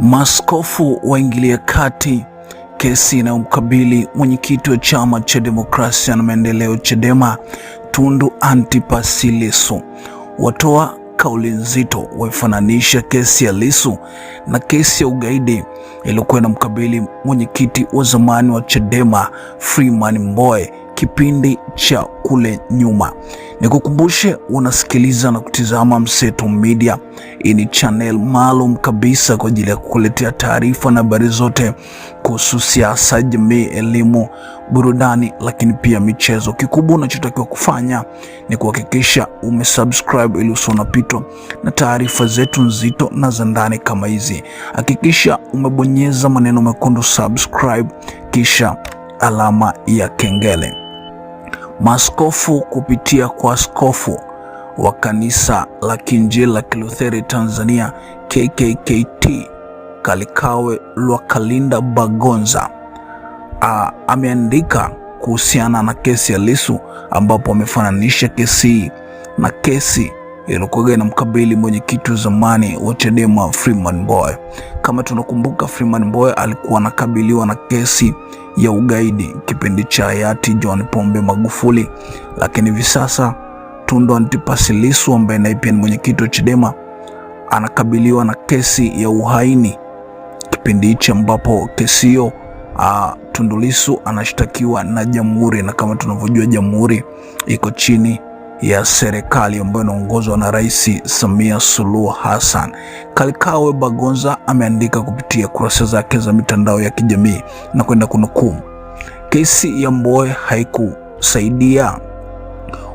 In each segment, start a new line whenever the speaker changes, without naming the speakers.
Maaskofu waingilia kati kesi inayomkabili mwenyekiti wa chama cha demokrasia na maendeleo Chadema Tundu Antipas Lissu watoa kauli nzito, waifananisha kesi ya Lissu na kesi ya ugaidi iliyokuwa inamkabili mwenyekiti wa zamani wa Chadema Freeman Mbowe kipindi cha kule nyuma. Nikukumbushe, unasikiliza na kutizama Mseto Media. Hii ni channel maalum kabisa kwa ajili ya kukuletea taarifa na habari zote kuhusu siasa, jamii, elimu, burudani, lakini pia michezo. Kikubwa unachotakiwa kufanya ni kuhakikisha umesubscribe ili usio na taarifa zetu nzito na za ndani kama hizi. Hakikisha umebonyeza maneno mekundu subscribe, kisha alama ya kengele maskofu kupitia kwa askofu wa kanisa la Kiinjili la Kilutheri Tanzania KKKT Kalikawe Lwakalinda Bagonza a, ameandika kuhusiana na kesi ya Lissu ambapo amefananisha kesi hii na kesi iliyokuwa mkabili mwenyekiti wa zamani wa Chadema Freeman Mbowe. Kama tunakumbuka, Freeman Mbowe alikuwa anakabiliwa na kesi ya ugaidi kipindi cha hayati John Pombe Magufuli, lakini hivi sasa Tundu Antipas Lissu ambaye naye pia ni mwenyekiti wa Chadema anakabiliwa na kesi ya uhaini, kipindi hichi ambapo kesi hiyo Tundu Lissu anashtakiwa na jamhuri, na kama tunavyojua jamhuri iko chini ya serikali ambayo inaongozwa na Rais Samia Suluhu Hassan. Kalikawe Bagonza ameandika kupitia kurasa zake za mitandao ya kijamii na kwenda kunukuu, kesi ya Mbowe haikusaidia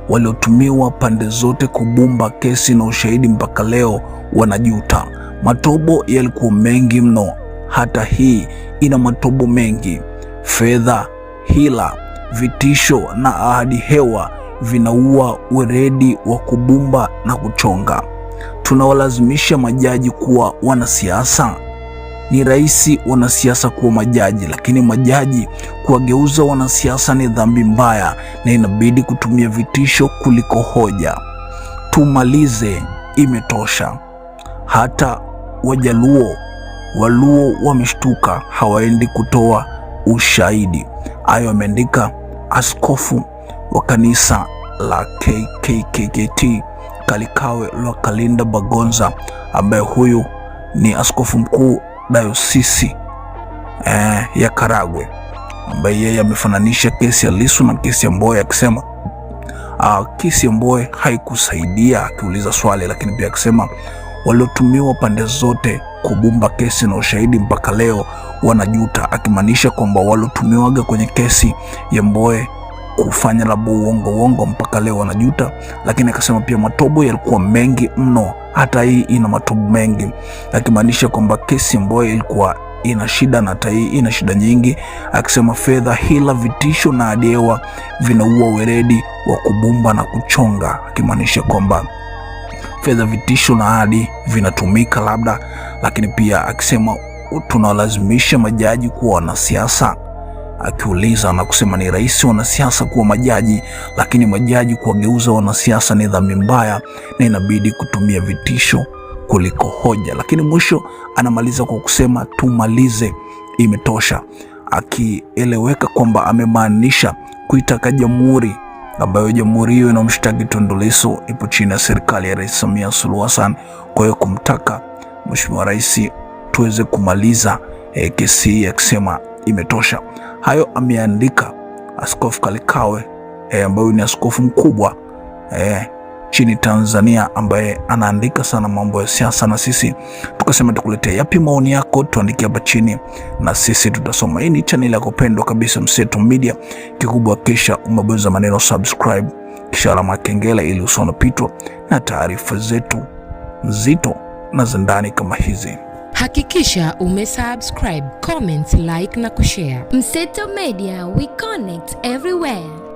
waliotumiwa pande zote kubumba kesi na ushahidi mpaka leo wanajuta. Matobo yalikuwa mengi mno, hata hii ina matobo mengi: fedha, hila, vitisho na ahadi hewa vinaua weredi wa kubumba na kuchonga. Tunawalazimisha majaji kuwa wanasiasa. Ni rahisi wanasiasa kuwa majaji, lakini majaji kuwageuza wanasiasa ni dhambi mbaya, na inabidi kutumia vitisho kuliko hoja. Tumalize, imetosha. Hata Wajaluo, Waluo wameshtuka, hawaendi kutoa ushahidi. Hayo ameandika Askofu wa kanisa la KKKT Kalikawe Lwa Kalinda Bagonza, ambaye huyu ni askofu mkuu dayosisi eh, ya Karagwe, ambaye yeye amefananisha kesi ya Lissu na kesi ya Mbowe akisema Uh, kesi ya Mbowe haikusaidia akiuliza swali, lakini pia akisema waliotumiwa pande zote kubumba kesi na ushahidi mpaka leo wanajuta, akimaanisha kwamba waliotumiwaga kwenye kesi ya Mbowe kufanya labda uongo uongo, mpaka leo wanajuta. Lakini akasema pia matobo yalikuwa mengi mno, hata hii ina matobo mengi, akimaanisha kwamba kesi ambayo ilikuwa ina shida na hata hii ina shida nyingi, akisema fedha, hila, vitisho na adewa vinaua weledi wa kubumba na kuchonga, akimaanisha kwamba fedha, vitisho na ahadi vinatumika labda, lakini pia akisema tunawalazimisha majaji kuwa wanasiasa akiuliza na kusema ni rahisi wanasiasa kuwa majaji, lakini majaji kuwageuza wanasiasa ni dhambi mbaya na inabidi kutumia vitisho kuliko hoja. Lakini mwisho anamaliza kwa kusema tumalize, imetosha, akieleweka kwamba amemaanisha kuitaka jamhuri ambayo jamhuri hiyo inamshtaki Tundu Lissu ipo chini ya serikali ya Rais Samia Suluhu Hassan. Kwa hiyo kumtaka Mheshimiwa Rais tuweze kumaliza eh, kesi hii akisema imetosha. Hayo ameandika Askofu Kalikawe e, ambayo ni askofu mkubwa e, eh, chini Tanzania ambaye anaandika sana mambo ya siasa, na sisi tukasema tukuletea yapi maoni yako, tuandikie hapa chini na sisi tutasoma. Hii ni chaneli ya kupendwa kabisa Mseto Media. Kikubwa kisha umebonyeza maneno subscribe, kisha alama kengele, ili usionopitwa na taarifa zetu nzito na za ndani kama hizi. Hakikisha ume subscribe comment, like na kushare. Mseto Media, we connect everywhere.